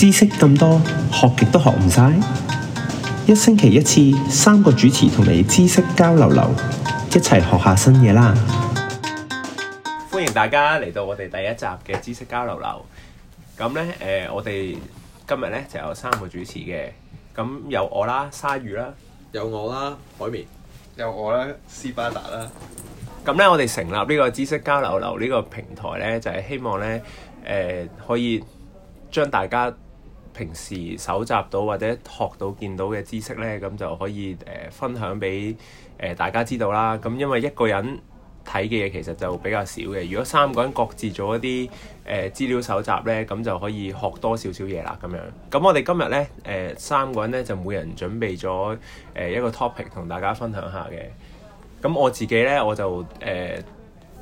知識咁多，學極都學唔晒。一星期一次，三個主持同你知識交流流，一齊學下新嘢啦！歡迎大家嚟到我哋第一集嘅知識交流流。咁呢，誒，我哋今日呢就有三個主持嘅。咁有我啦，鯊魚啦，有我啦，海綿，有我啦，斯巴達啦。咁呢，我哋成立呢個知識交流流呢個平台呢，就係希望呢，誒，可以將大家。平時搜集到或者學到見到嘅知識呢，咁就可以誒、呃、分享俾誒大家知道啦。咁因為一個人睇嘅嘢其實就比較少嘅，如果三個人各自做一啲誒、呃、資料搜集呢，咁就可以學多少少嘢啦。咁樣，咁我哋今日呢，誒、呃、三個人呢，就每人準備咗誒一個 topic 同大家分享下嘅。咁我自己呢，我就誒。呃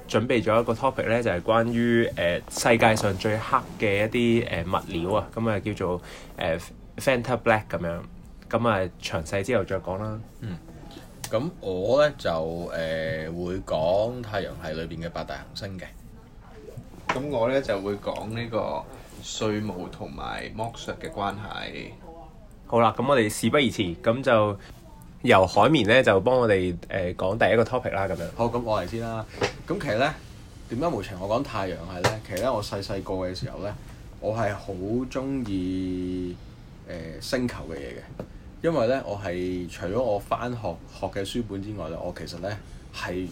準備咗一個 topic 咧，就係關於誒、呃、世界上最黑嘅一啲誒、呃、物料啊，咁、嗯、啊叫做誒、呃、Vantablack 咁樣。咁啊，詳細之後再講啦。嗯。咁我咧就誒、呃、會講太陽系裏邊嘅八大行星嘅。咁我咧就會講呢個稅務同埋剝削嘅關係。好啦，咁我哋事不宜遲，咁就由海綿咧就幫我哋誒、呃、講第一個 topic 啦。咁樣。好，咁我嚟先啦。咁其實咧，點解無情？我講太陽系咧，其實咧，我細細個嘅時候咧，我係好中意誒星球嘅嘢嘅，因為咧，我係除咗我返學學嘅書本之外咧，我其實咧係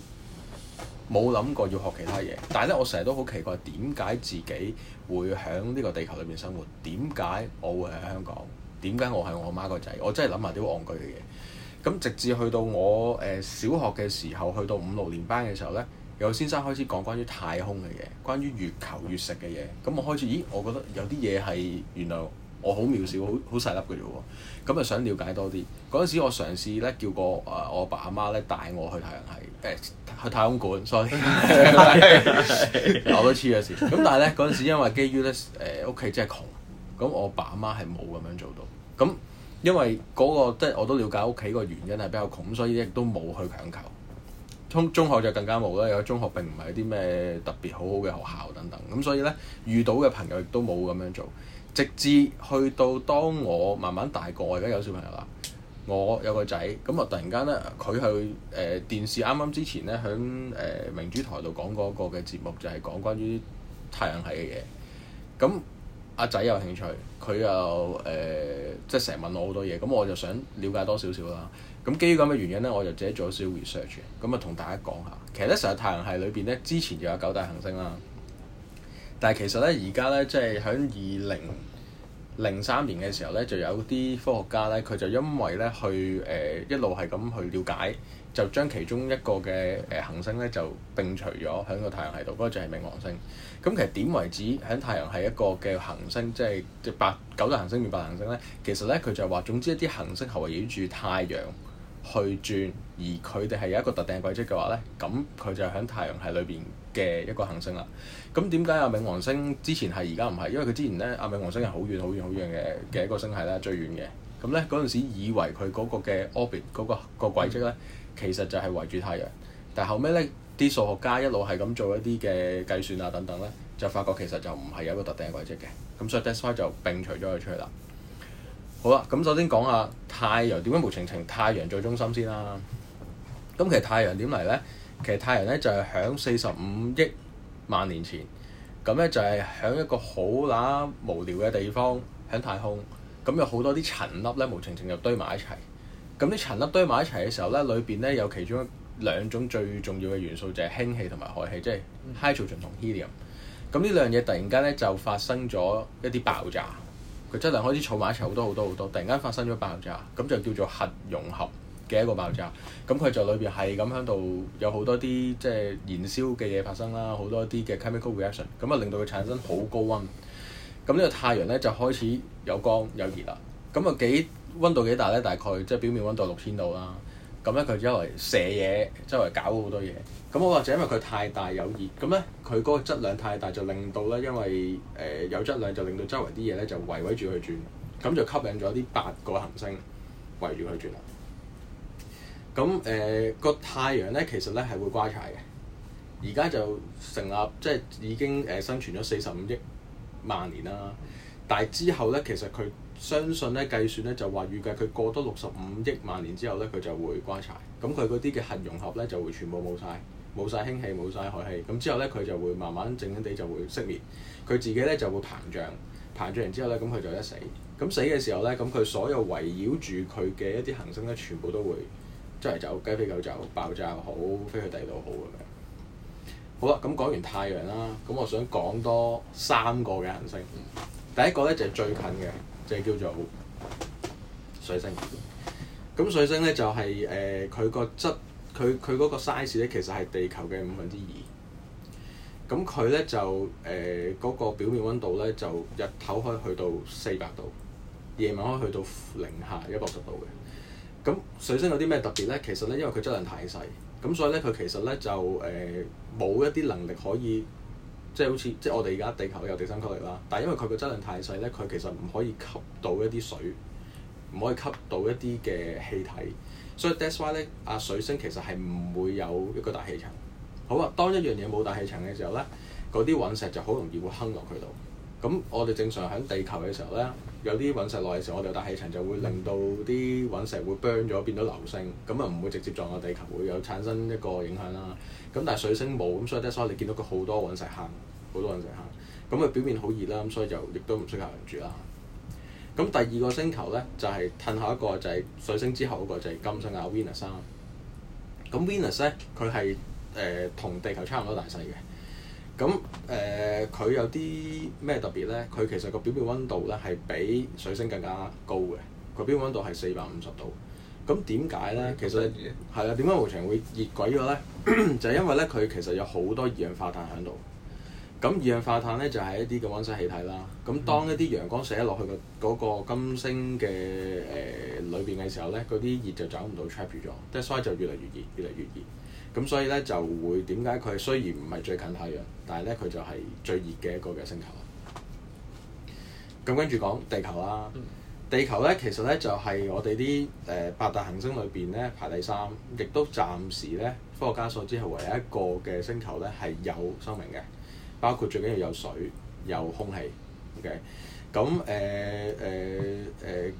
冇諗過要學其他嘢。但係咧，我成日都好奇怪，點解自己會喺呢個地球裏面生活？點解我會喺香港？點解我係我媽個仔？我真係諗埋啲戇居嘅嘢。咁直至去到我誒、呃、小學嘅時候，去到五六年班嘅時候咧。有先生開始講關於太空嘅嘢，關於月球、月食嘅嘢，咁我開始，咦，我覺得有啲嘢係原來我好渺小，好好細粒嘅啫喎，咁啊想了解多啲。嗰陣時我嘗試咧叫個啊我爸阿媽咧帶我去太空係誒、呃、去太空館，所以 我都黐咗線。咁但係咧嗰陣時因為基於咧誒屋企真係窮，咁我爸阿媽係冇咁樣做到。咁因為嗰、嗰個即係我都了解屋企個原因係比較窮，所以亦都冇去強求。中中學就更加冇啦，有中學並唔係啲咩特別好好嘅學校等等，咁所以呢，遇到嘅朋友亦都冇咁樣做，直至去到當我慢慢大個，而家有小朋友啦，我有個仔，咁啊突然間呢，佢去誒、呃、電視啱啱之前呢，響誒、呃、明珠台度講嗰個嘅節目就係、是、講關於太陽系嘅嘢，咁阿仔有興趣，佢又誒即係成日問我好多嘢，咁我就想了解多少少啦。咁基於咁嘅原因咧，我就自己做咗少 research 咁啊，同大家講下，其實咧，成日太陽系裏邊咧，之前就有九大行星啦。但係其實咧，而家咧即係喺二零零三年嘅時候咧，就有啲科學家咧，佢就因為咧去誒、呃、一路係咁去了解，就將其中一個嘅誒、呃、行星咧就摒除咗喺個太陽系度。嗰、那個就係冥王星。咁其實點為止喺太陽系一個嘅行星，即係即係八九大行星變八大行星咧？其實咧，佢就係話總之一啲行星係圍繞住太陽，去轉，而佢哋係有一個特定軌跡嘅話呢，咁佢就喺太陽系裏邊嘅一個行星啦。咁點解阿冥王星之前係而家唔係？因為佢之前呢，阿冥王星係好遠、好遠、好遠嘅嘅一個星系啦，最遠嘅。咁呢，嗰陣時以為佢嗰個嘅 orbit 嗰、嗰個、嗰個軌跡呢，其實就係圍住太陽。但後尾呢，啲數學家一路係咁做一啲嘅計算啊等等呢，就發覺其實就唔係有一個特定嘅軌跡嘅。咁所以 t h e i e 就並除咗佢出去啦。好啦，咁首先講下太陽點解無情情？太陽最中心先啦。咁其實太陽點嚟呢？其實太陽呢就係響四十五億萬年前，咁呢就係、是、響一個好乸無聊嘅地方，響太空。咁有好多啲塵粒呢，無情情就堆埋一齊。咁啲塵粒堆埋一齊嘅時候呢，裏邊呢有其中兩種最重要嘅元素就係、是、氫氣同埋氦氣，即、就、係、是、hydrogen 同 helium。咁呢兩嘢突然間呢，就發生咗一啲爆炸。佢質量開始儲埋一齊，好多好多好多，突然間發生咗爆炸，咁就叫做核融合嘅一個爆炸。咁佢就裏邊係咁響度，有好多啲即係燃燒嘅嘢發生啦，好多啲嘅 chemical reaction，咁啊令到佢產生好高温。咁呢個太陽咧就開始有光有熱啦。咁啊幾温度幾大咧？大概即係、就是、表面温度六千度啦。咁咧佢周圍射嘢，周圍搞好多嘢。咁我或者因為佢太大有熱，咁咧佢嗰個質量太大，就令到咧因為誒、呃、有質量就令到周圍啲嘢咧就圍圍住佢轉，咁就吸引咗啲八個行星圍住佢轉啦。咁誒個太陽咧其實咧係會瓜柴嘅，而家就成立即係已經誒生存咗四十五億萬年啦。但係之後咧其實佢相信咧計算咧就話預計佢過多六十五億萬年之後咧，佢就會瓜柴咁。佢嗰啲嘅核融合咧就會全部冇晒，冇晒氫氣，冇晒氦氣。咁之後咧佢就會慢慢靜靜地就會熄滅，佢自己咧就會膨脹，膨脹完之後咧，咁佢就一死。咁死嘅時候咧，咁佢所有圍繞住佢嘅一啲行星咧，全部都會周圍走，雞飛狗走，爆炸，又好飛去第二度好嘅。好啦，咁講完太陽啦，咁我想講多三個嘅行星。第一個咧就係最近嘅。即係叫做水星，咁水星咧就係誒佢個質，佢佢嗰個 size 咧其實係地球嘅五分之二，咁佢咧就誒嗰，呃那個表面溫度咧就日頭可以去到四百度，夜晚可以去到零下一百十度嘅。咁水星有啲咩特別咧？其實咧因為佢質量太細，咁所以咧佢其實咧就誒冇，呃、一啲能力可以。即係好似，即係我哋而家地球有地心吸引力啦，但係因為佢個質量太細咧，佢其實唔可以吸到一啲水，唔可以吸到一啲嘅氣體，所以 that's why 咧，阿水星其實係唔會有一個大氣層。好啊，當一樣嘢冇大氣層嘅時候咧，嗰啲隕石就好容易會坑落佢度。咁我哋正常喺地球嘅時候咧。有啲隕石落嘅時候，我哋有大氣層就會令到啲隕石會 burn 咗變到流星，咁啊唔會直接撞落地球，會有產生一個影響啦。咁但係水星冇，咁所以咧，所以你見到佢好多隕石坑，好多隕石坑。咁佢表面好熱啦，咁所以就亦都唔適合人住啦。咁第二個星球咧就係褪下一個就係、是、水星之後嗰個就係、是、金星啊，Venus 三。咁 Venus 咧佢係誒同地球差唔多大細嘅。咁誒佢有啲咩特別咧？佢其實個表面温度咧係比水星更加高嘅，佢表面温度係四百五十度。咁點解咧？其實係啦，點解金星會熱鬼咗咧？就係、是、因為咧佢其實有好多二氧化碳喺度。咁二氧化碳咧就係、是、一啲嘅温室氣體啦。咁當一啲陽光射落去個嗰個金星嘅誒裏邊嘅時候咧，嗰啲熱就找唔到 trap 住咗，所以就越嚟越熱，越嚟越熱。咁所以咧就會點解佢雖然唔係最近太陽，但係咧佢就係最熱嘅一個嘅星球。咁跟住講地球啦，地球咧其實咧就係我哋啲誒八大行星裏邊咧排第三，亦都暫時咧科學家所知係唯一一個嘅星球咧係有生命嘅，包括最緊要有水、有空氣。OK，咁誒誒誒。呃呃呃呃。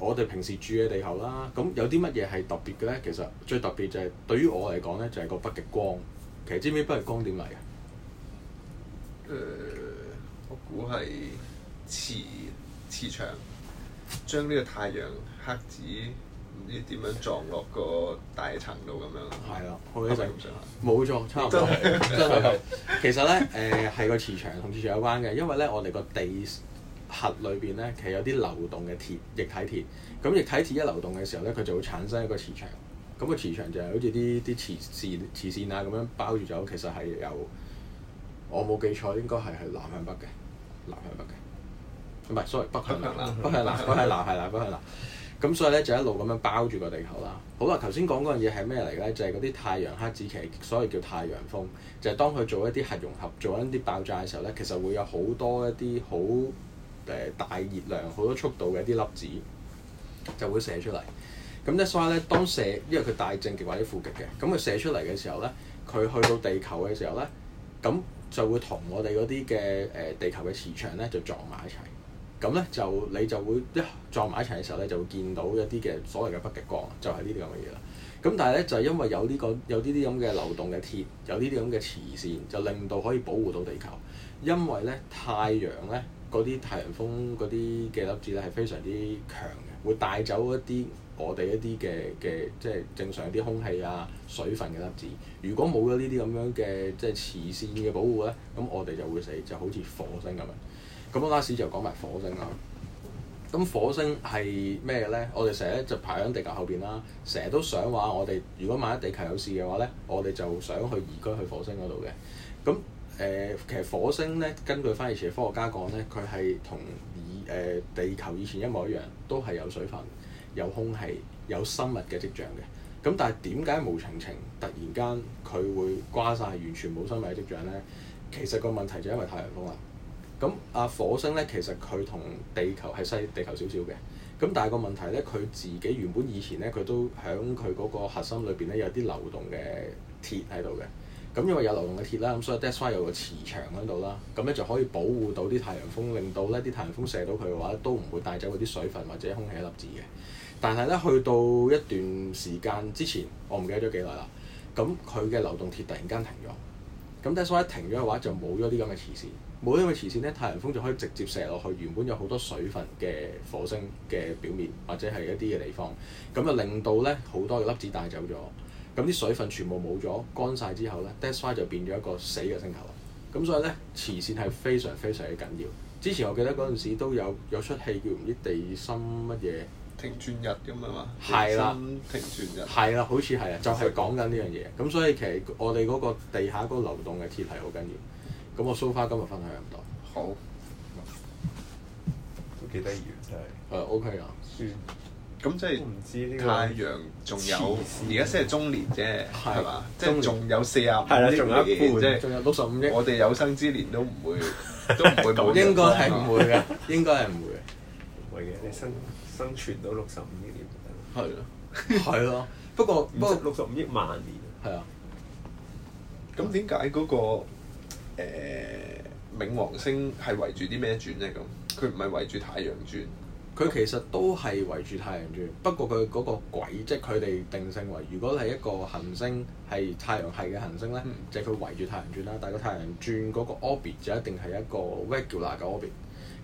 我哋平時住嘅地球啦，咁有啲乜嘢係特別嘅咧？其實最特別就係對於我嚟講咧，就係、是、個北極光。其實知唔知北極光點嚟、呃、啊？誒、嗯，我估係磁磁場將呢個太陽黑子唔知點樣撞落個大層度咁樣。係咯，好啲就係冇錯，差唔多。 真係，真 其實咧誒係個磁場同磁場有關嘅，因為咧我哋個地。核裏邊咧，其實有啲流動嘅鐵液體鐵。咁液體鐵一流動嘅時候咧，佢就會產生一個磁場。咁個磁場就係好似啲啲磁線磁線啊咁樣包住咗。其實係有我冇記錯，應該係係南向北嘅，南向北嘅。唔係，sorry，北向南，北向南，北向南係啦，北向南。咁所以咧就一路咁樣包住個地球啦。好啦，頭先講嗰樣嘢係咩嚟咧？就係嗰啲太陽黑子期，其實所謂叫太陽風。就係、是、當佢做一啲核融合，做一啲爆炸嘅時候咧，其實會有好多一啲好。誒大熱量好多速度嘅一啲粒子就會射出嚟。咁即所以咧，當射因為佢帶正極或者負極嘅，咁佢射出嚟嘅時候咧，佢去到地球嘅時候咧，咁就會同我哋嗰啲嘅誒地球嘅磁場咧就撞埋一齊。咁咧就你就會一撞埋一齊嘅時候咧，就會見到一啲嘅所謂嘅北極光，就係呢啲咁嘅嘢啦。咁但係咧就係因為有呢個有呢啲咁嘅流動嘅鐵，有呢啲咁嘅磁線，就令到可以保護到地球，因為咧太陽咧。嗰啲太陽風嗰啲嘅粒子咧係非常之強嘅，會帶走一啲我哋一啲嘅嘅，即係正常啲空氣啊、水分嘅粒子。如果冇咗呢啲咁樣嘅即係磁線嘅保護咧，咁我哋就會死，就好似火星咁樣。咁我 a s 就講埋火星啦。咁火星係咩嘅咧？我哋成日就排響地球後邊啦，成日都想話我哋如果萬一地球有事嘅話咧，我哋就想去移居去火星嗰度嘅。咁誒、呃，其實火星咧，根據翻以前科學家講咧，佢係同以誒、呃、地球以前一模一樣，都係有水分、有空氣、有生物嘅跡象嘅。咁但係點解無情情突然間佢會刮晒完全冇生物嘅跡象咧？其實個問題就因為太陽風啦。咁阿、啊、火星咧，其實佢同地球係細地球少少嘅。咁但係個問題咧，佢自己原本以前咧，佢都喺佢嗰個核心裏邊咧，有啲流動嘅鐵喺度嘅。咁因為有流動嘅鐵啦，咁所以 DASY 有個磁場喺度啦，咁咧就可以保護到啲太陽風，令到咧啲太陽風射到佢嘅話，都唔會帶走嗰啲水分或者空氣一粒子嘅。但係咧，去到一段時間之前，我唔記得咗幾耐啦，咁佢嘅流動鐵突然間停咗，咁 DASY 停咗嘅話，就冇咗啲咁嘅磁線，冇咗咁嘅磁線咧，太陽風就可以直接射落去原本有好多水分嘅火星嘅表面，或者係一啲嘅地方，咁就令到咧好多嘅粒子帶走咗。咁啲水分全部冇咗，乾晒之後咧，Death Star 就變咗一個死嘅星球。咁所以咧，磁線係非常非常嘅緊要。之前我記得嗰陣時都有有出戲叫唔知地心乜嘢停轉日咁啊嘛，地心啦停轉日係啦，好似係啊，Okay. 就係講緊呢樣嘢。咁所以其實我哋嗰個地下嗰個流動嘅鐵係好緊要。咁我 so far 今日分享咁多，好，都幾得意就係，係對、uh, OK 啊，咁即係太陽，仲有而家先係中年啫，係嘛？即係仲有四十五億，仲有六十五億。我哋有生之年都唔會，都唔會冇。應該係唔會嘅，應該係唔會嘅。唔會嘅，你生生存到六十五億年得。係咯，係咯。不過不過，六十五億萬年。係啊。咁點解嗰個誒冥王星係圍住啲咩轉咧？咁佢唔係圍住太陽轉。佢其實都係圍住太陽轉，不過佢嗰個軌跡即佢哋定性為，如果係一個行星係太陽系嘅行星咧，嗯、就佢圍住太陽轉啦。但係太陽轉嗰個 orbit 就一定係一個 regular 嘅 orbit。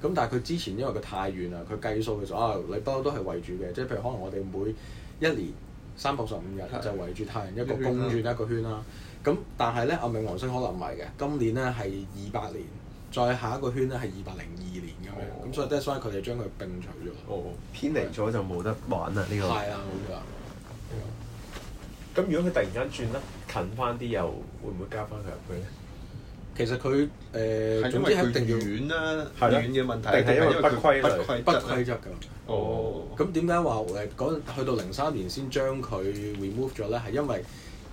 咁但係佢之前因為佢太遠啦，佢計數嘅時候、哦、你不嬲都係圍住嘅。即係譬如可能我哋每一年三百六十五日就圍住太陽一個公轉一個圈啦。咁、嗯嗯、但係咧，冥王星可能唔係嘅。今年咧係二百年。再下一個圈咧係二百零二年咁樣，咁、哦、所以都所以佢哋將佢並除咗。哦，偏離咗就冇得玩啦呢個。係啊，冇錯。咁如果佢突然間轉得近翻啲，又會唔會加翻佢入去咧？其實佢誒，呃啊、總之係一定要遠啦、啊，的遠嘅問題因為，定係一個不規則、不規則㗎。哦。咁點解話誒去到零三年先將佢 remove 咗咧？係因為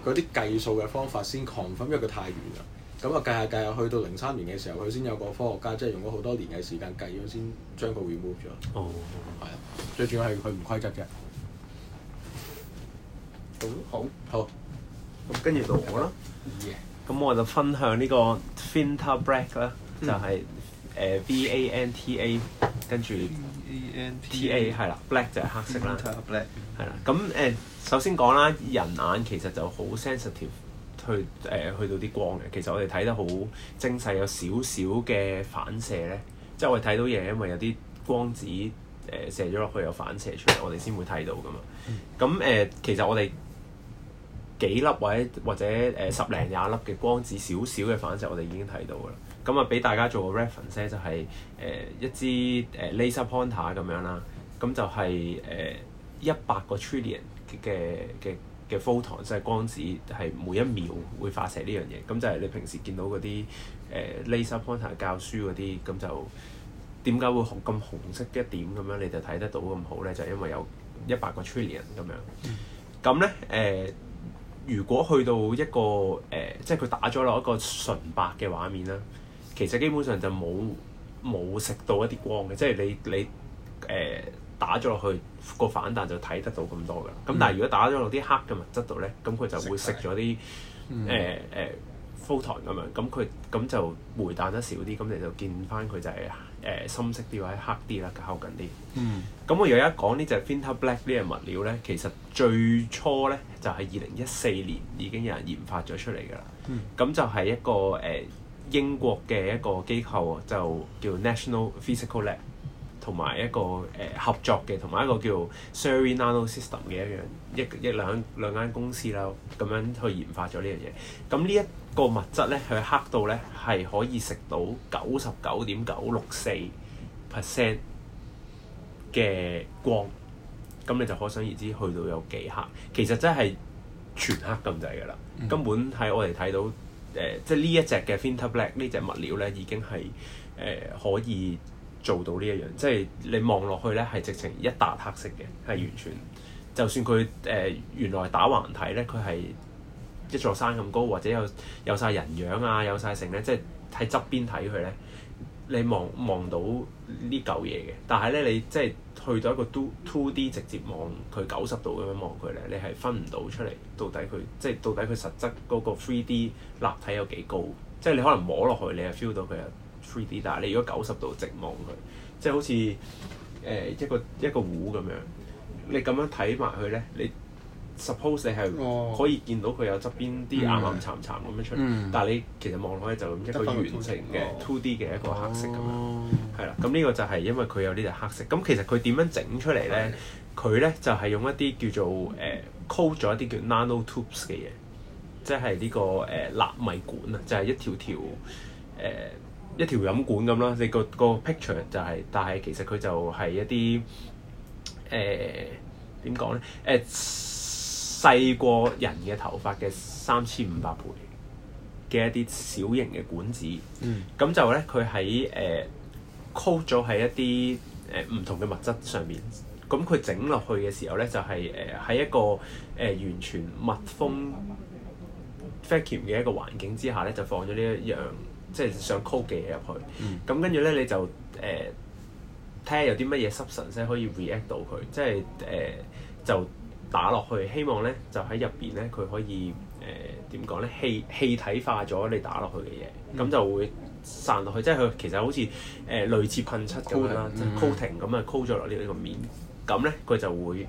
嗰啲計數嘅方法先 confirm，因為佢太遠啦。咁啊，計下計下，去到零三年嘅時候，佢先有個科學家，即係用咗好多年嘅時間計，咁先將佢 remove 咗。哦，係啊，最主要係佢唔規則嘅。好，好，好。咁跟住到我啦。咁我就分享呢個 Vantablack 啦，就係誒 V A N T A 跟住 T A 係啦，black 就係黑色啦。Vantablack 係啦。咁誒，首先講啦，人眼其實就好 sensitive。去誒、呃、去到啲光嘅，其實我哋睇得好精細，有少少嘅反射咧，即係我哋睇到嘢，因為有啲光子誒、呃、射咗落去有反射出嚟，我哋先會睇到噶嘛。咁誒、嗯呃，其實我哋幾粒或者或者誒十零廿粒嘅光子少少嘅反射，我哋已經睇到噶啦。咁、嗯、啊，俾大家做個 reference 就係、是、誒、呃、一支誒 laser pointer 咁樣啦。咁就係誒一百個 trillion 嘅嘅。嘅 Photon 即係光子，係每一秒會發射呢樣嘢。咁就係你平時見到嗰啲誒 Laser Pointer 教書嗰啲，咁就點解會紅咁紅色一點咁樣，你就睇得到咁好咧？就係因為有一百個 Trillion 咁樣。咁咧誒，如果去到一個誒、呃，即係佢打咗落一個純白嘅畫面啦，其實基本上就冇冇食到一啲光嘅，即係你你誒。呃打咗落去個反彈就睇得到咁多噶，咁但係如果打咗落啲黑嘅物質度咧，咁佢就會食咗啲誒誒 Photon 咁樣，咁佢咁就回彈得少啲，咁你就見翻佢就係、是、誒、呃、深色啲或者黑啲啦，靠近啲。嗯。咁我而家講呢隻 Vantablack 呢樣物料咧，其實最初咧就係二零一四年已經有人研發咗出嚟㗎啦。咁、嗯、就係一個誒、呃、英國嘅一個機構就叫 National Physical Lab。同埋一個誒、呃、合作嘅，同埋一個叫 Surrey NanoSystems 嘅一樣，一一兩兩間公司啦，咁樣去研發咗呢樣嘢。咁呢一個物質咧，佢黑到咧係可以食到九十九點九六四 percent 嘅光。咁你就可想而知去到有幾黑，其實真係全黑咁滯㗎啦。根本係我哋睇到誒、呃，即係呢一隻嘅 Vantablack 呢隻物料咧，已經係誒、呃、可以。做到呢一樣，即係你望落去咧，係直情一笪黑色嘅，係完全就算佢誒、呃、原來打橫睇咧，佢係一座山咁高，或者有有晒人樣啊，有晒成咧，即係喺側邊睇佢咧，你望望到呢嚿嘢嘅。但係咧，你即係去到一個 two two D 直接望佢九十度咁樣望佢咧，你係分唔到出嚟到底佢即係到底佢實質嗰個 three D 立體有幾高？即係你可能摸落去，你係 feel 到佢係。three D，但係你如果九十度直望佢，即係好似誒、呃、一個一個壺咁樣，你咁樣睇埋佢咧，你 suppose 你係可以見到佢有側邊啲暗暗慘慘咁樣出嚟，嗯嗯、但係你其實望落去就一個圓形嘅 two D 嘅一個黑色咁樣，係啦、嗯。咁呢個就係因為佢有呢隻黑色。咁其實佢點樣整出嚟咧？佢咧就係、是、用一啲叫做誒 co 咗一啲叫 nano tubes 嘅嘢，即係呢、這個誒、呃、納米管啊，就係、是、一條條誒。呃一條飲管咁啦，你、嗰個、嗰個 picture 就係、是，但係其實佢就係一啲誒點講咧？誒、呃、細、呃、過人嘅頭髮嘅三千五百倍嘅一啲小型嘅管子，咁、嗯、就咧佢喺誒 coat 咗喺一啲誒唔同嘅物質上面，咁佢整落去嘅時候咧就係誒喺一個誒、呃、完全密封 vacuum 嘅一個環境之下咧，就放咗呢一樣。即係想 co 嘅嘢入去，咁跟住咧你就誒睇下有啲乜嘢 substance 先可以 react 到佢，即係誒、呃、就打落去，希望咧就喺入邊咧佢可以誒點講咧氣氣體化咗你打落去嘅嘢，咁、嗯、就會散落去，即係佢其實好似誒、呃、類似噴漆咁啦，即係 coating 咁啊 co 咗落呢個面，咁咧佢就會。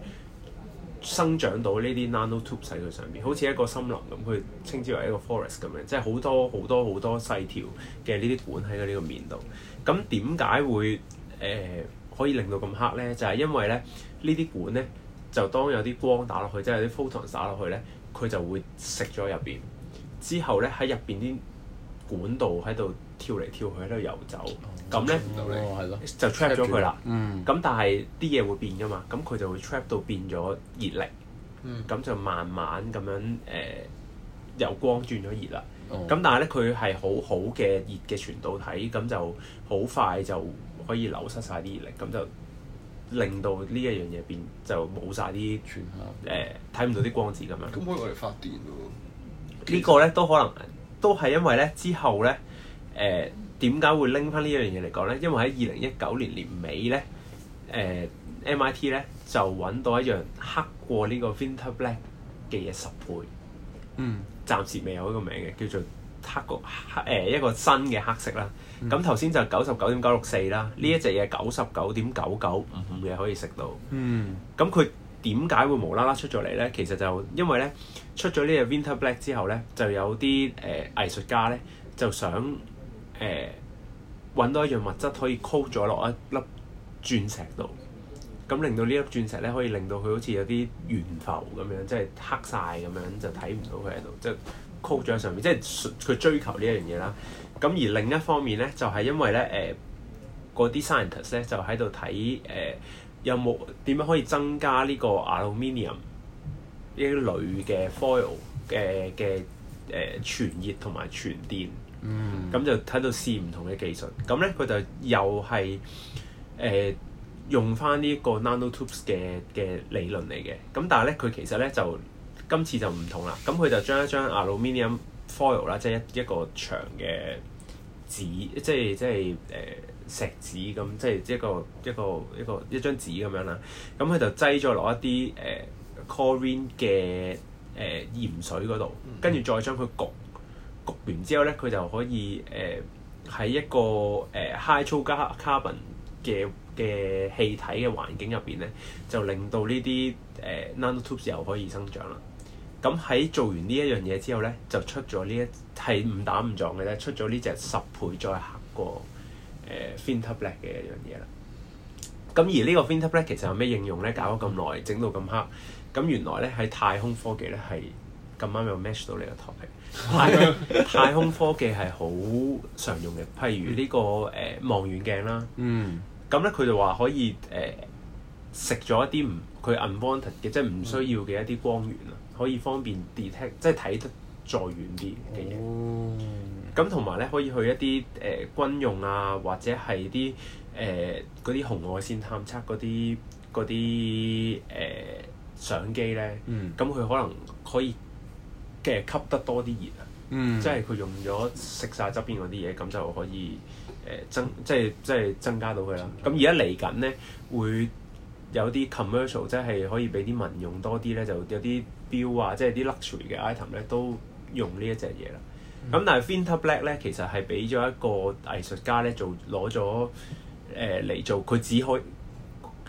生長到呢啲 nano tube 喺佢上面，好似一個森林咁，佢稱之為一個 forest 咁樣，即係好多好多好多細條嘅呢啲管喺佢呢個面度。咁點解會誒、呃、可以令到咁黑咧？就係、是、因為咧呢啲管咧，就當有啲光打落去，即係有啲 photons 撒落去咧，佢就會食咗入邊，之後咧喺入邊啲。管道喺度跳嚟跳去喺度遊走，咁咧、嗯哦、就 trap 咗佢啦。咁、嗯、但係啲嘢會變噶嘛，咁佢就會 trap 到變咗熱力。咁、嗯、就慢慢咁樣誒由光轉咗熱啦。咁、哦、但係咧佢係好好嘅熱嘅傳導體，咁就好快就可以流失晒啲熱力，咁、嗯、就令校、呃、到呢一樣嘢變就冇晒啲誒睇唔到啲光子咁樣。咁、嗯、可以攞嚟發電喎？其實 個呢個咧都可能。都係因為咧，之後咧，誒點解會拎翻呢樣嘢嚟講咧？因為喺二零一九年年尾咧，誒、呃、MIT 咧就揾到一樣黑過呢個 Vantablack 嘅嘢十倍。嗯。暫時未有呢個名嘅，叫做黑個黑誒、呃、一個新嘅黑色啦。咁頭先就九十九點九六四啦，呢一隻嘢九十九點九九五嘅可以食到。嗯。咁佢。點解會無啦啦出咗嚟咧？其實就因為咧出咗呢、這個 Vantablack 之後咧，就有啲誒、呃、藝術家咧就想誒揾到一樣物質可以 coat 咗落一粒鑽石度，咁令到呢粒鑽石咧可以令到佢好似有啲懸浮咁樣，即、就、係、是、黑晒咁樣就睇唔到佢喺度，即係 coat 咗喺上面，即係佢追求呢一樣嘢啦。咁而另一方面咧，就係、是、因為咧誒啲 scientist 咧就喺度睇誒。呃有冇點樣可以增加呢個 aluminium 呢啲鋁嘅 foil 嘅嘅誒傳熱同埋傳電？咁、嗯、就睇到試唔同嘅技術。咁咧佢就又係誒、呃、用翻呢一個 nano tubes 嘅嘅理論嚟嘅。咁但係咧佢其實咧就今次就唔同啦。咁佢就將一張 aluminium foil 啦，即係一一個長嘅紙，即係即係誒。呃石紙咁，即係一個一個一個一張紙咁樣啦。咁佢就擠咗落一啲誒 curing 嘅誒鹽水嗰度，跟住再將佢焗焗完之後咧，佢就可以誒喺、呃、一個誒 high co 加 carbon 嘅嘅氣體嘅環境入邊咧，就令到呢啲誒、呃、nano tubes 又可以生長啦。咁喺做完呢一樣嘢之後咧，就出咗呢一係誤打誤撞嘅咧，出咗呢隻十倍再黑過。誒 Vantablack 嘅一樣嘢啦，咁而呢個 Vantablack 其實有咩應用咧？搞咗咁耐，整到咁黑，咁原來咧喺太空科技咧係咁啱又 match 到你個 topic。 太空科技係好常用嘅，譬如呢、這個誒、呃、望遠鏡啦，咁咧佢就話可以誒食咗一啲唔佢 unwanted 嘅，即係唔需要嘅一啲光源啊，嗯、可以方便 detect，即係睇得再遠啲嘅嘢。哦。咁同埋咧，可以去一啲誒、呃、軍用啊，或者係啲誒嗰啲紅外線探測嗰啲嗰啲誒相機咧。咁佢、嗯、可能可以嘅吸得多啲熱啊，嗯，即係佢用咗食晒側邊嗰啲嘢，咁就可以誒、呃、增即係即係增加到佢啦。咁而家嚟緊咧會有啲 commercial，即係可以俾啲民用多啲咧，就有啲表啊，即係啲 luxury 嘅 item 咧都用呢一隻嘢啦。咁、嗯、但係 Vantablack 咧，其實係俾咗一個藝術家咧做攞咗誒嚟做，佢、呃、只可以誒、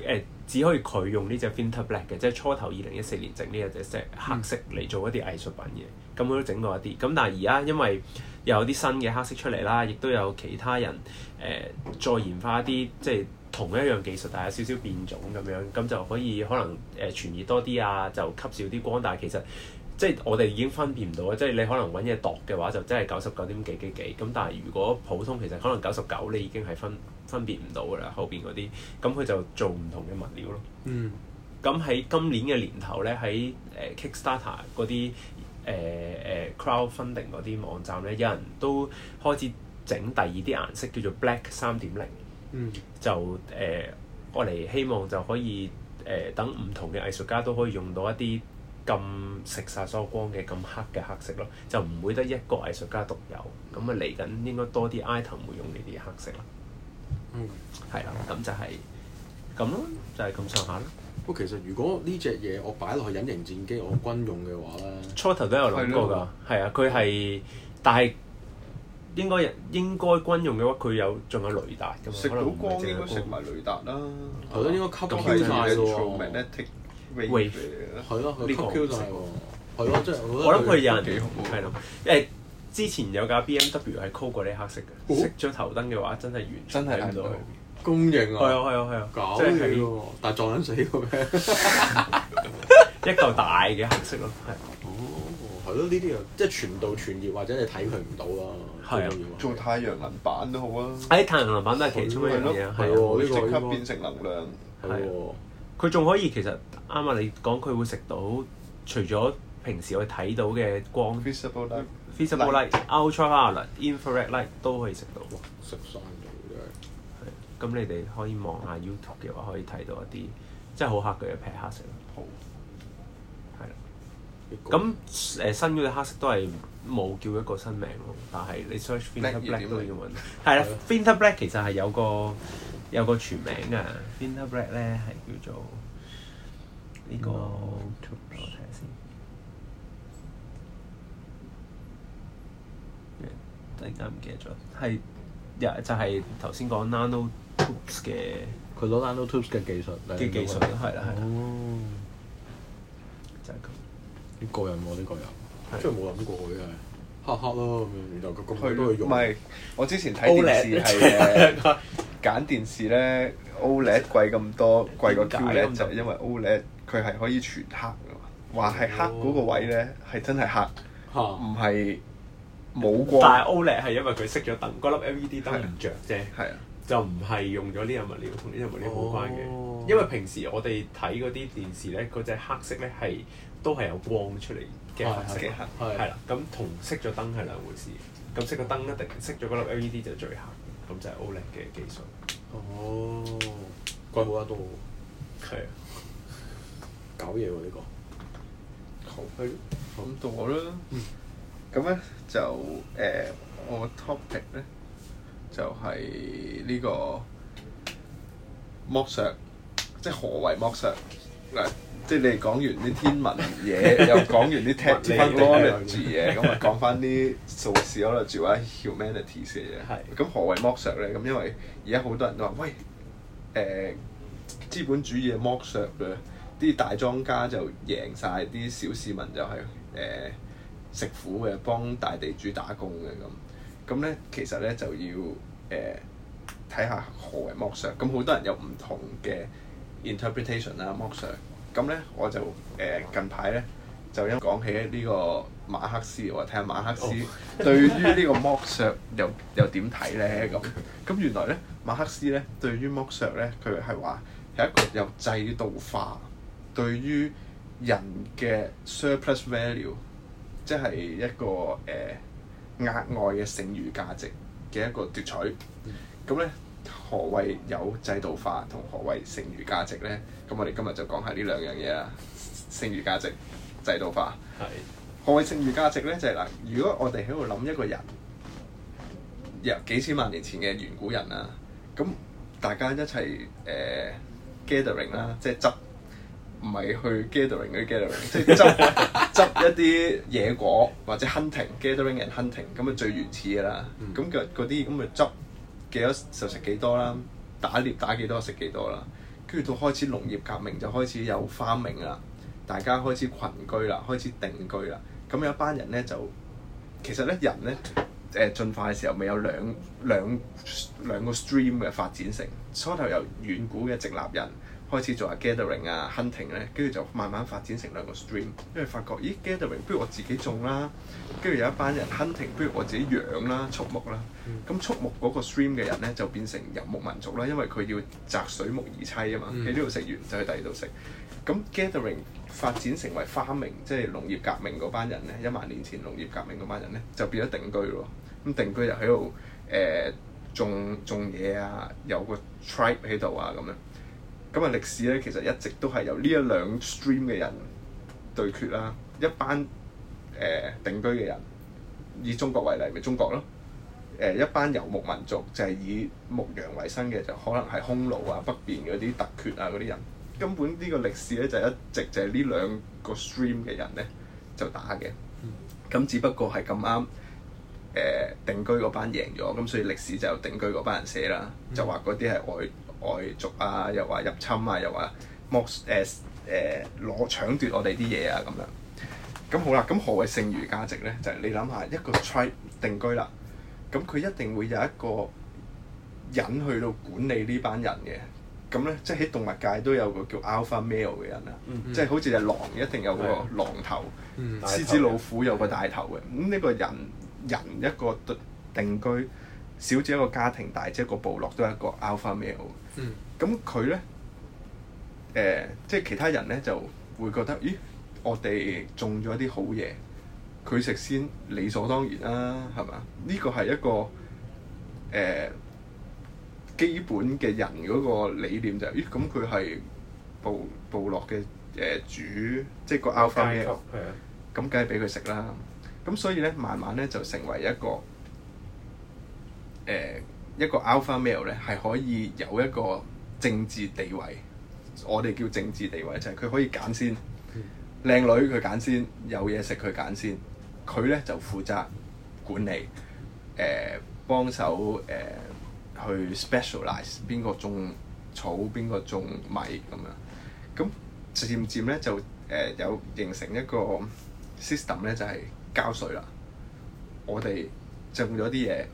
呃、只可以佢用呢隻 Vantablack 嘅，即係初頭二零一四年整呢一隻黑色嚟做一啲藝術品嘅，咁佢都整過一啲。咁但係而家因為又有啲新嘅黑色出嚟啦，亦都有其他人誒、呃、再研發一啲即係同一樣技術但係有少少變種咁樣，咁就可以可能誒傳熱多啲啊，就吸少啲光，但係其實。即係我哋已經分辨唔到啦，即係你可能揾嘢度嘅話就真係九十九點幾幾幾，咁但係如果普通其實可能九十九你已經係分分辨唔到噶啦後邊嗰啲，咁佢就做唔同嘅物料咯。嗯。咁喺今年嘅年頭咧，喺誒、呃、Kickstarter 嗰啲誒誒、呃呃、Crowdfunding 嗰啲網站咧，有人都開始整第二啲顏色叫做 Black 三點零。嗯。就誒過嚟希望就可以誒、呃、等唔同嘅藝術家都可以用到一啲。咁食晒所有光嘅咁黑嘅黑色咯，就唔會得一個藝術家獨有，咁啊嚟緊應該多啲 item 會用呢啲黑色啦。嗯，係啦，咁就係咁咯，就係咁上下啦。不過其實如果呢隻嘢我擺落去隱形戰機我軍用嘅話，初頭都有諗過㗎，係啊，佢係，但係應該應該軍用嘅話，佢有仲有雷達㗎嘛？食光應該食埋雷達啦。我覺得應該吸收晒威，係咯，佢紅。你 QQ 就係喎，係咯，即係我覺得幾紅。係咯，誒，之前有架 BMW 係 call 過呢黑色嘅。熄咗頭燈嘅話，真係完。真係唔到。公認啊！係啊，係啊，係啊。搞但係撞撚死嘅咩？一嚿大嘅黑色咯，係。哦，係咯，呢啲又即係傳導傳熱，或者你睇佢唔到咯。係啊。做太陽能板都好啊。喺太陽能板都係其中一樣嘢啊，係喎，即刻變成能量，係。佢仲可以其實啱啊！你講佢會食到，除咗平時我哋睇到嘅光，visible light、ultraviolet、infrared light 都可以食到。食曬嘅，咁你哋可以望下 YouTube 嘅話，可以睇到一啲真係好黑嘅一撇黑色。好。係。咁誒新嗰啲黑色都係冇叫一個新名咯，但係你 search，Vantablack。點樣揾？係啦 Vantablack 其實係有個。有個全名㗎，Vantablack 咧係叫做呢個，我睇下先，突然間唔記得咗，係就係頭先講 Nano Tubes 嘅，佢攞 Nano Tubes 嘅技術，嘅技術都係啦係就係咁，呢個人喎呢個人，即係冇諗過嘅真係，黑黑咯，原來個個可以幫佢用，唔係我之前睇電視係嘅。揀電視咧，OLED 貴咁多，貴個價就係因為 OLED 佢係可以全黑嘅嘛。話係黑嗰個位咧，係真係黑吓，唔係冇光。但係 OLED 係因為佢熄咗燈，嗰粒 LED 燈唔着啫。係啊，就唔係用咗呢樣物料，同呢樣物料冇關嘅。因為平時我哋睇嗰啲電視咧，嗰隻黑色咧係都係有光出嚟嘅黑色。嘅黑，係啦，咁同熄咗燈係兩回事。咁熄個燈一定熄咗嗰粒 LED 就最黑。咁就係 OLED 嘅技術。哦，貴好得多喎。係的啊，搞嘢喎呢個。好，咁的到我啦。咁咧、嗯、就誒、呃，我 topic 咧就係、是、呢、這個剝削，即係何為剝削？即係你講完啲天文嘢，又講完啲 technology 嘅嘢，咁啊講翻啲數字嗰度住下 humanities 嘅嘢。咁是何為剝削咧？咁因為而家好多人都話：喂，誒、呃、資本主義嘅剝削嘅啲大莊家就贏晒啲小市民、就是，就係誒食苦嘅，幫大地主打工嘅咁。咁咧，其實咧就要誒睇下何為剝削。咁好多人有唔同嘅 interpretation 啦，剝削。咁咧，我就誒、呃、近排咧就因講起呢個馬克思，我睇下馬克思、oh. 對於呢個剝削又又點睇咧？咁咁原來咧，馬克思咧對於剝削咧，佢係話係一個由制度化對於人嘅 surplus value，即係一個誒、呃、額外嘅剩餘價值嘅一個奪取。咁咧。何為有制度化同何為剩餘價值咧？咁我哋今日就講下呢兩樣嘢啦。剩餘價值、制度化。係是。何為剩餘價值咧？就係、是、嗱，如果我哋喺度諗一個人，約幾千萬年前嘅遠古人啊，咁大家一齊誒 gathering 啦，即係執，唔係去 gathering 嗰啲 gathering，即係執執一啲野果或者 hunting gathering and hunting，咁啊最原始嘅啦。咁嗰啲咁啊執。幾多就食幾多啦，打獵打幾多食幾多啦，跟住到開始農業革命就開始有花名啦，大家開始群居啦，開始定居啦，咁有一班人咧就其實咧，人咧誒進化嘅時候未有兩兩兩個 stream 嘅發展成，初頭由遠古嘅直立人。開始做下 gathering 啊 hunting 咧，跟住就慢慢發展成兩個 stream。因為發覺咦 gathering 不如我自己種啦，跟住有一班人 hunting 不如我自己養啦，畜牧啦。咁畜牧嗰個 stream 嘅人咧就變成遊牧民族啦，因為佢要擇水牧而棲啊嘛。喺呢度食完就去第二度食。咁 gathering 發展成為 farming，即係農業革命嗰班人咧，一萬年前農業革命嗰班人咧就變咗定居咯。咁定居就喺度誒種種嘢啊，有個 tribe 喺度啊咁樣。咁啊歷史咧，其實一直都係由呢一兩 stream 嘅人對決啦，一班誒定居嘅人，以中國為例，咪、就是、中國咯。誒、呃、一班遊牧民族就係、是、以牧羊為生嘅，就可能係匈奴啊、北邊嗰啲突厥啊嗰啲人。根本個歷呢個歷史咧就一直就係呢兩個 stream 嘅人咧就打嘅。咁只不過係咁啱誒定居嗰班贏咗，咁所以歷史就由定居嗰班人寫啦，嗯、就話嗰啲係外。外族啊，又話入侵啊，又話剝誒誒攞搶奪我哋啲嘢啊，咁樣咁好啦。咁何為剩餘價值咧？就係你諗下一個 tribe 定居啦，咁佢一定會有一個人去到管理呢班人嘅。咁咧，即係喺動物界都有個叫 alpha male 嘅人啊，即係好似隻狼一定有個狼頭，獅子老虎有個大頭嘅。咁呢個人人一個定居，小至一個家庭，大至一個部落，都係一個 alpha male。嗯，咁佢咧，誒，即係其他人咧就會覺得，咦，我哋種咗啲好嘢，佢食先理所當然啦，係嘛？呢個係一個誒基本嘅人嗰個理念就係，咦，咁佢係部部落嘅誒主，即係個 alpha，係咁，梗係俾佢食啦。咁所以咧，慢慢咧就成為一個誒。一個 alpha male 咧，係可以有一個政治地位，我哋叫政治地位，就係、是、佢可以揀先，靚女佢揀先，有嘢食佢揀先，佢咧就負責管理，誒、呃、幫手誒、呃、去 specialise 邊個種草邊個種米咁樣，咁漸漸咧就誒、呃、有形成一個 system 咧，就係、是、交水啦，我哋種咗啲嘢。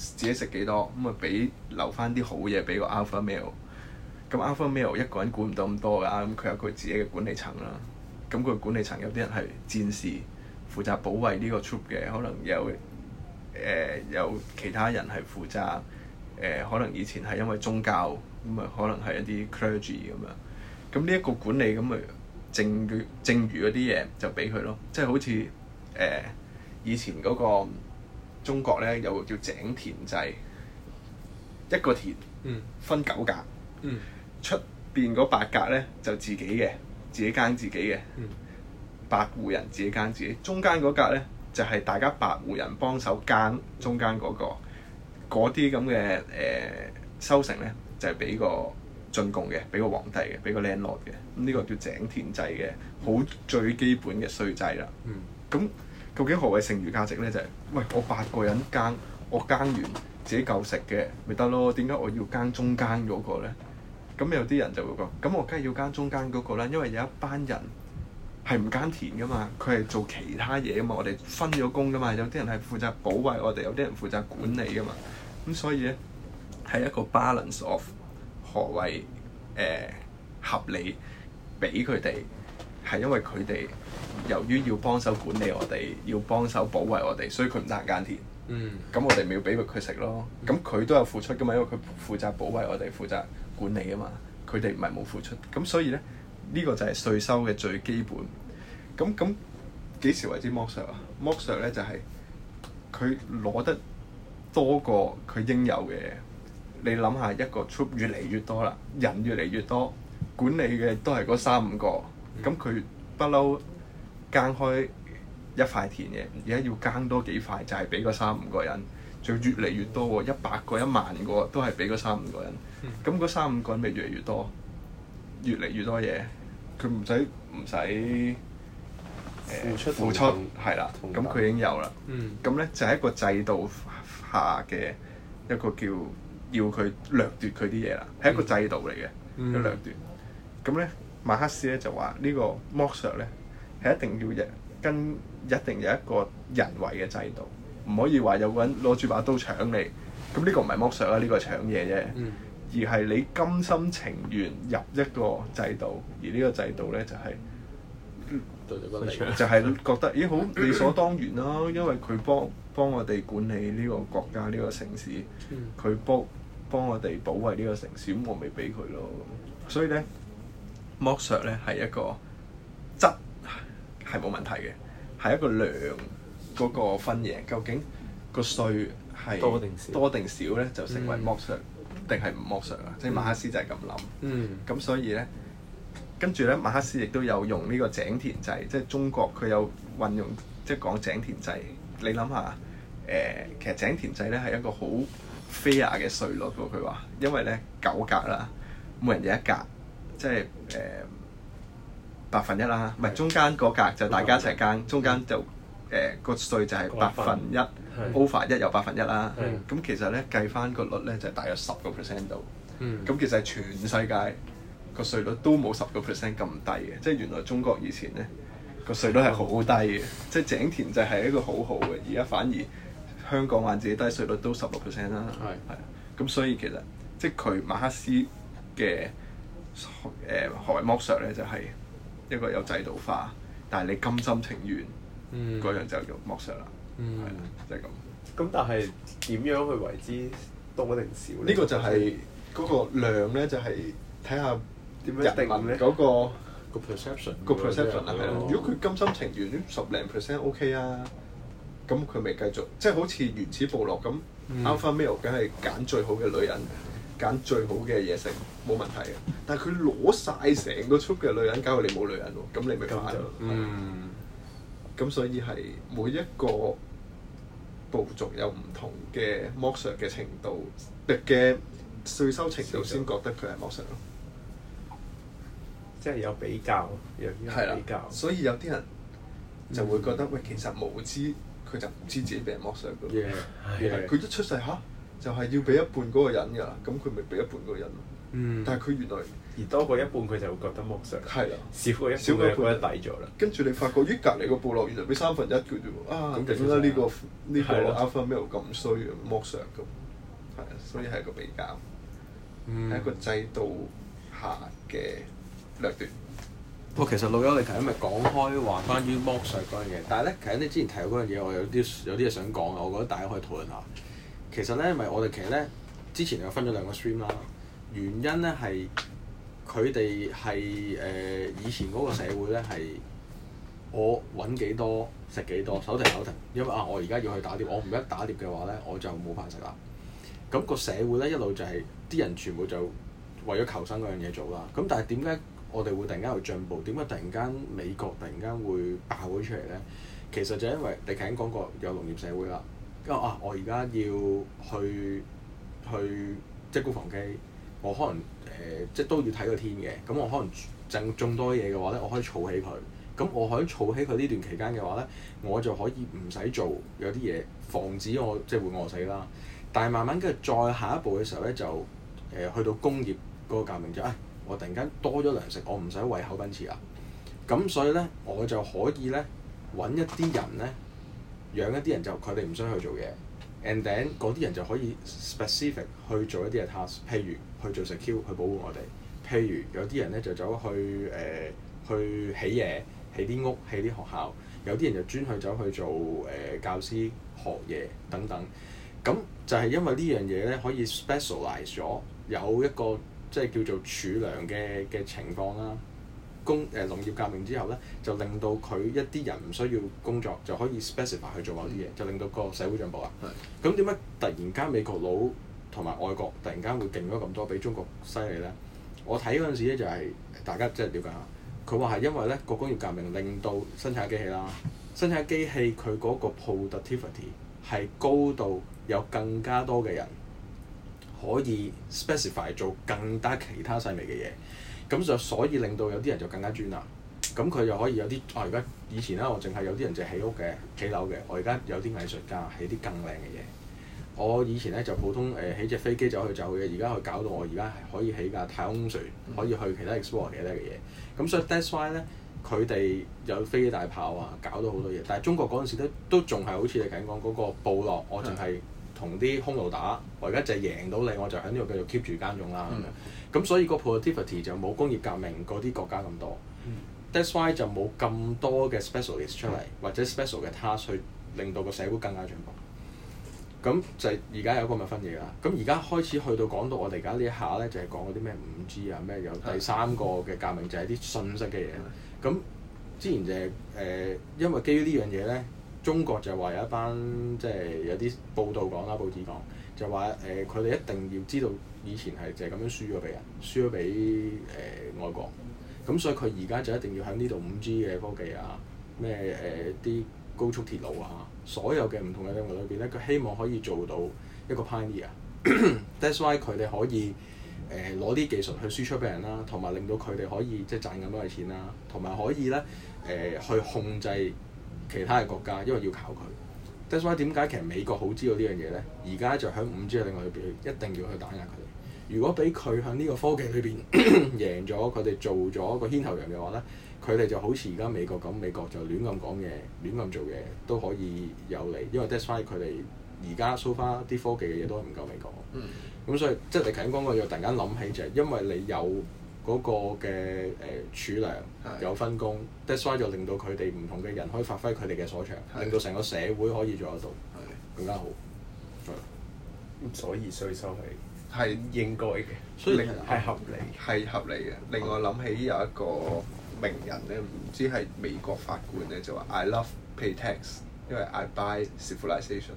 自己食幾多，咁啊俾留返啲好嘢俾個 alpha male。咁 alpha male 一個人管唔到咁多㗎，咁、嗯、佢有佢自己嘅管理層啦。咁佢管理層有啲人係戰士，負責保衞呢個 troop 嘅，可能有誒、呃、有其他人係負責誒、呃，可能以前係因為宗教，咁、嗯、啊可能係一啲 clergy 咁樣。咁呢一個管理咁咪剩餘剩餘嗰啲嘢就俾佢咯，即係好似誒、呃、以前嗰、嗰個。中國咧有個叫井田制，一個田分九格，出邊嗰八格咧就自己嘅，自己耕自己嘅，嗯、八戶人自己耕自己。中間嗰格咧就係、是、大家八戶人幫手耕中間嗰、那個，嗰啲咁嘅誒收成咧就係、是、俾個進貢嘅，俾個皇帝嘅，俾個 landlord 嘅。咁呢個叫井田制嘅，好最基本嘅稅制啦。咁、嗯究竟何為剩餘價值咧？就係、是，喂，我八個人耕，我耕完自己夠食嘅，咪得咯。點解我要耕中間嗰個咧？咁、嗯、有啲人就會講，咁、嗯、我梗係要耕中間嗰個啦，因為有一班人係唔耕田噶嘛，佢係做其他嘢噶嘛，我哋分咗工噶嘛，有啲人係負責保衞我哋，有啲人負責管理噶嘛。咁、嗯、所以咧，係一個 balance of 何為誒、呃、合理俾佢哋。係因為佢哋由於要幫手管理我哋，要幫手保衞我哋，所以佢唔得閒耕田。嗯，咁我哋咪要俾佢食咯。咁佢都有付出噶嘛，因為佢負責保衞我哋，負責管理啊嘛。佢哋唔係冇付出，咁所以咧呢、呢個就係稅收嘅最基本。咁咁幾時為之剝削啊？剝削咧就係佢攞得多過佢應有嘅。你諗下，一個 troop 越嚟越多啦，人越嚟越多，管理嘅都係嗰三五個。咁佢不嬲耕開一塊田嘅，而家要耕多幾塊，就係俾嗰三五個人，仲越嚟越多喎，一百個、一萬個都係俾嗰三五個人。咁嗰三五個人咪越嚟越多，越嚟越多嘢，佢唔使唔使呃付出，付出，係啦。咁佢感已經有啦。咁咧、嗯、就係一個制度下嘅一個叫要佢掠奪佢啲嘢啦，係、嗯、一個制度嚟嘅，要掠奪。咁咧。嗯馬克思咧就話：呢個剝削咧係一定要嘅，跟一定有一個人為嘅制度，唔可以話有個人攞住把刀搶你。咁呢個唔係剝削啦，呢、呢個搶嘢啫。嗯、而係你甘心情願入一個制度，而呢個制度咧就係、是、就係覺得咦好理所當然啦，因為佢幫幫我哋管理呢個國家呢、呢個城市，佢、嗯、幫幫我哋保衞呢個城市，咁我咪俾佢咯。所以咧。剝削咧係一個質係冇問題嘅，係一個量嗰個分野，究竟個稅係多定少咧，就成為剝削定係唔剝削啊？即係馬克思就係咁諗。嗯。咁所以咧，跟住咧，馬克思亦都有用呢個井田制，即係中國佢有運用，即係講井田制。你諗下，誒，其實井田制咧係一個好 fair 嘅稅率喎，佢話，因為咧九格啦，每人有一格。即係誒百分一啦，唔係中間嗰格就大家一齊耕，中間就誒個稅就係百分一，over 一又百分一啦。咁是的 其實咧計翻個率咧就係、是、大約十個 percent 度。咁、嗯、其實係全世界個稅率都冇十個 percent 咁低嘅，即係原來中國以前咧個稅率係好低嘅，即係井田就係一個好好嘅。而家反而香港話自己低稅率都十六 percent 啦。係，咁所以其實即係佢馬克思嘅。誒學為剝削咧，就係一個有制度化，但係你甘心情願嗰樣就叫剝削啦，係啦，就係咁。咁但係點樣去為之多定少？呢個就係嗰個量咧，就係睇下點樣定。嗰個個 perception，個 perception 啊，係如果佢甘心情願十零 percent OK 啊，咁佢未繼續，即係好似原始部落咁，Alpha male 梗係揀最好嘅女人。揀最好嘅嘢食，冇問題嘅。但係佢攞晒成個族嘅女人，搞到你冇女人喎。咁你咪瓜咗。的嗯。咁所以係每一個部族有唔同嘅剝削嘅程度，嘅稅收程度先覺得佢係剝削咯。即係有比較，有比較。所以有啲人就會覺得，嗯、喂，其實無知佢就唔知自己俾人剝削嘅。佢 Yeah, yeah. 一出世嚇。啊就係要俾一半嗰個人㗎，咁佢咪俾一半嗰個人咯？嗯、但係佢原來而多過一半，佢就會覺得剝削。係啦的，少過一半嘅嗰一抵咗啦。跟住你發覺咦隔離個部落原來俾三分一嘅啫喎，啊點解呢個呢、這個阿芬尼奧咁衰啊剝削咁？係啊，所以係一個比較，係、嗯、一個制度下嘅掠奪。不過、哦、其實老友你頭先咪講開話關於剝削嗰樣嘢，但係咧，其實你之前提過嗰樣嘢，我有啲有啲嘢想講啊，我覺得大家可以討論下。其實咧，咪我哋其實咧，之前又分咗兩個 stream 啦。原因咧係佢哋係誒以前嗰個社會咧，係我揾幾多，食幾多，手停口停。因為啊，我而家要去打獵，我唔得打獵嘅話咧，我就冇飯食啦。咁、個社會咧一路就係、係、啲人全部就為咗求生嗰樣嘢做啦。咁但係點解我哋會突然間有進步？點解突然間美國突然間會爆咗出嚟咧？其實就因為你頭講過有農業社會啦。啊，我而家要去去即係高房基，我可能誒、呃、即係都要睇個天嘅。咁我可能淨種多嘢嘅話咧，我可以儲起佢。咁我可以儲起佢呢段期間嘅話咧，我就可以唔使做有啲嘢，防止我即係會餓死啦。但係慢慢跟住再下一步嘅時候咧，就誒、呃、去到工業嗰個革命就，啊，我突然間多咗糧食，我唔使為口奔馳啦。咁所以咧，我就可以咧揾一啲人咧。養一啲人就佢哋唔需去做嘢，and then 嗰啲人就可以 specific 去做一啲嘅 task，譬如去做 security 去保護我哋，譬如有啲人咧就走去誒、呃、去起嘢，起啲屋，起啲學校，有啲人就專去走去做誒、呃、教師學嘢等等，咁就係因為樣呢樣嘢咧可以 specialize 咗，有一個即係叫做儲糧嘅嘅情況啦、啊。工誒、呃、農業革命之後咧，就令到佢一啲人唔需要工作，就可以 specify 去做某啲嘢，嗯、就令到個社會進步啊。咁點解突然間美國佬同埋外國突然間會勁咗咁多，比中國犀利呢？我睇嗰陣時咧就係、是、大家即係了解下，佢話係因為咧個工業革命令到生產機器啦，生產機器佢嗰個 productivity 係高度，有更加多嘅人可以 specify 做更加其他細微嘅嘢。咁就所以令到有啲人就更加專啊！咁佢又可以有啲哦，而家以前咧，我淨係有啲人就起屋嘅、起樓嘅。我而家有啲藝術家起啲更靚嘅嘢。我以前咧就普通誒、呃、起隻飛機走去走嘅，而家佢搞到我而家可以起架太空船，可以去其他 explore 其他嘅嘢。咁所以 that's why 咧，佢哋有飛機大炮啊，搞到好多嘢。但係中國嗰陣時都仲係好似你咁講嗰個部落，我淨係同啲匈奴打，嗯、我而家就係贏到你，我就喺呢度繼續 keep 住耕控啦咁樣。嗯。咁所以個 productivity 就冇工業革命嗰啲國家咁多、嗯、that's why 就冇咁多嘅 specialist 出嚟，嗯、或者 special 嘅 task 去令到個社會更加進步。咁就而家有個密分嘢啦。咁而家開始去到講到我哋而家呢一下咧，就係講嗰啲咩五 G 啊，咩有第三個嘅革命就係、是、啲信息嘅嘢。咁、嗯、之前就係、是、誒、呃，因為基於呢樣嘢咧。中國就話有一班即係、就是、有啲報道講啦，報紙講就話誒，佢、呃、哋一定要知道以前係就係咁樣輸咗俾人，輸咗俾誒外國，咁所以佢而家就一定要喺呢度五 G 嘅科技啊，咩誒啲高速鐵路啊，所有嘅唔同嘅領域裏邊咧，佢希望可以做到一個 pioneer。 That's why 佢哋可以誒攞啲技術去輸出俾人啦、啊，同埋令到佢哋可以即係、就是、賺咁多嘅錢啦、啊，同埋可以咧誒、呃、去控制。其他嘅國家，因為要靠佢。that's why 點解其實美國好知道呢樣嘢咧？而家就喺五 G 嘅領域裏邊一定要去打壓佢。如果俾佢喺呢個科技裏邊 贏咗，佢哋做咗個牽頭人嘅話咧，佢哋就好似而家美國咁，美國就亂咁講嘢，亂咁做嘢都可以有嚟，因為 that's why 佢哋而家 so far 啲科技嘅嘢都唔夠美國。咁、嗯、所以即係你頭先講嗰句，突然間諗起就係因為你有。嗰個嘅誒、呃、儲量的有分工，That's why 就令到佢哋唔同嘅人可以發揮佢哋嘅所長，的令到成個社會可以做得到的更加好。咁所以稅收係係應該嘅，係合,合,合,合理係合理嘅。令我諗起有一個名人咧，唔知係美國法官咧，就話 I love pay tax，因為 I buy civilization。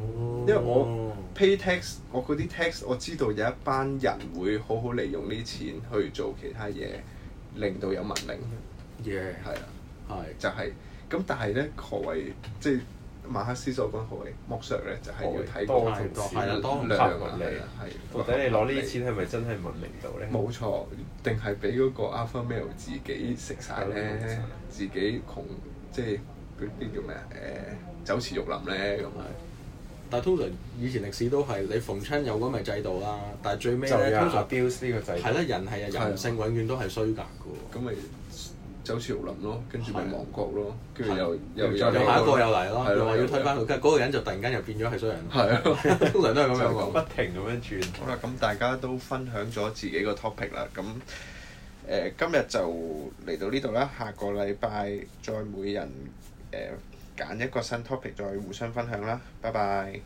因為我 pay tax，我嗰啲 tax 我知道有一班人會好好利用呢啲錢去做其他嘢，令到有文明。耶，係啊，係就係咁。但係咧，何謂即係馬克思所講何謂剝削咧？就係要睇嗰個量多唔多量啊？係，或者你攞呢啲錢係咪真係文明到咧？冇錯，定係俾嗰個 Alpha Male 自己食晒咧，自己窮即係嗰啲叫咩啊？誒，酒池肉林咧咁啊！但係通常以前歷史都係你逢親有嗰咪制度啦，但係最尾咧通常標撕個制度，係啦人係啊人性永遠都係衰格喎。咁咪周朝冧咯，跟住咪亡國咯，跟住又又又下一個又嚟咯，又話要推翻佢，跟住嗰個人就突然間又變咗係衰人。係啊，通常都係咁樣講。不停咁樣轉。好啦，咁大家都分享咗自己個 topic 啦，咁誒今日就嚟到呢度啦，下個禮拜再每人誒。揀一個新 topic，再互相分享啦，拜拜。